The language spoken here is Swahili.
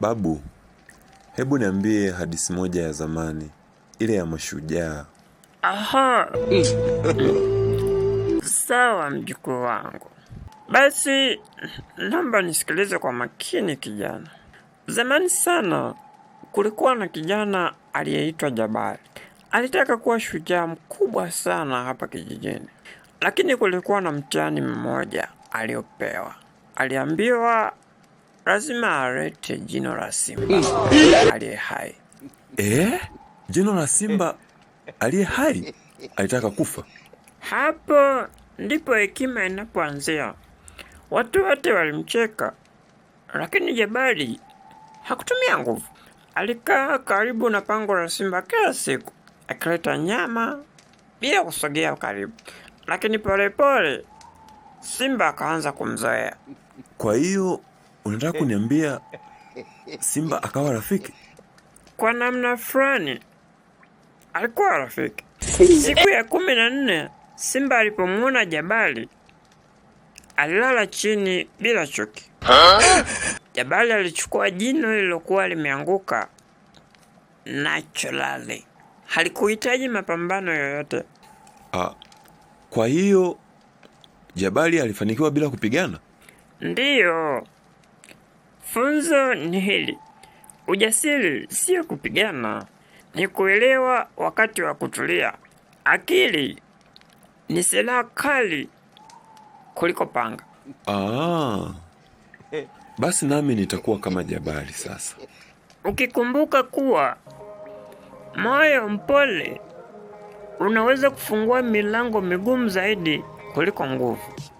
Babu, hebu niambie hadithi moja ya zamani, ile ya mashujaa. Aha. Sawa mjukuu wangu, basi namba nisikilize kwa makini kijana. Zamani sana kulikuwa na kijana aliyeitwa Jabari. Alitaka kuwa shujaa mkubwa sana hapa kijijini, lakini kulikuwa na mtihani mmoja aliopewa. Aliambiwa lazima alete jino la simba hmm. aliye hai. Eh, jino la simba aliye hai? Alitaka kufa? Hapo ndipo hekima inapoanzia. Watu wote walimcheka, lakini Jabali hakutumia nguvu. Alikaa karibu na pango la simba kila siku, akileta nyama bila kusogea karibu, lakini polepole simba akaanza kumzoea. Kwa hiyo Unataka kuniambia Simba akawa rafiki? Kwa namna fulani alikuwa rafiki. Siku ya kumi na nne Simba alipomwona Jabali alilala chini bila chuki. Jabali alichukua jino lililokuwa limeanguka naturally, halikuhitaji mapambano yoyote. Ah, kwa hiyo Jabali alifanikiwa bila kupigana? Ndiyo. Funzo ni hili: ujasiri sio kupigana, ni kuelewa wakati wa kutulia. Akili ni silaha kali kuliko panga. Ah, basi nami nitakuwa kama jabali sasa, ukikumbuka kuwa moyo mpole unaweza kufungua milango migumu zaidi kuliko nguvu.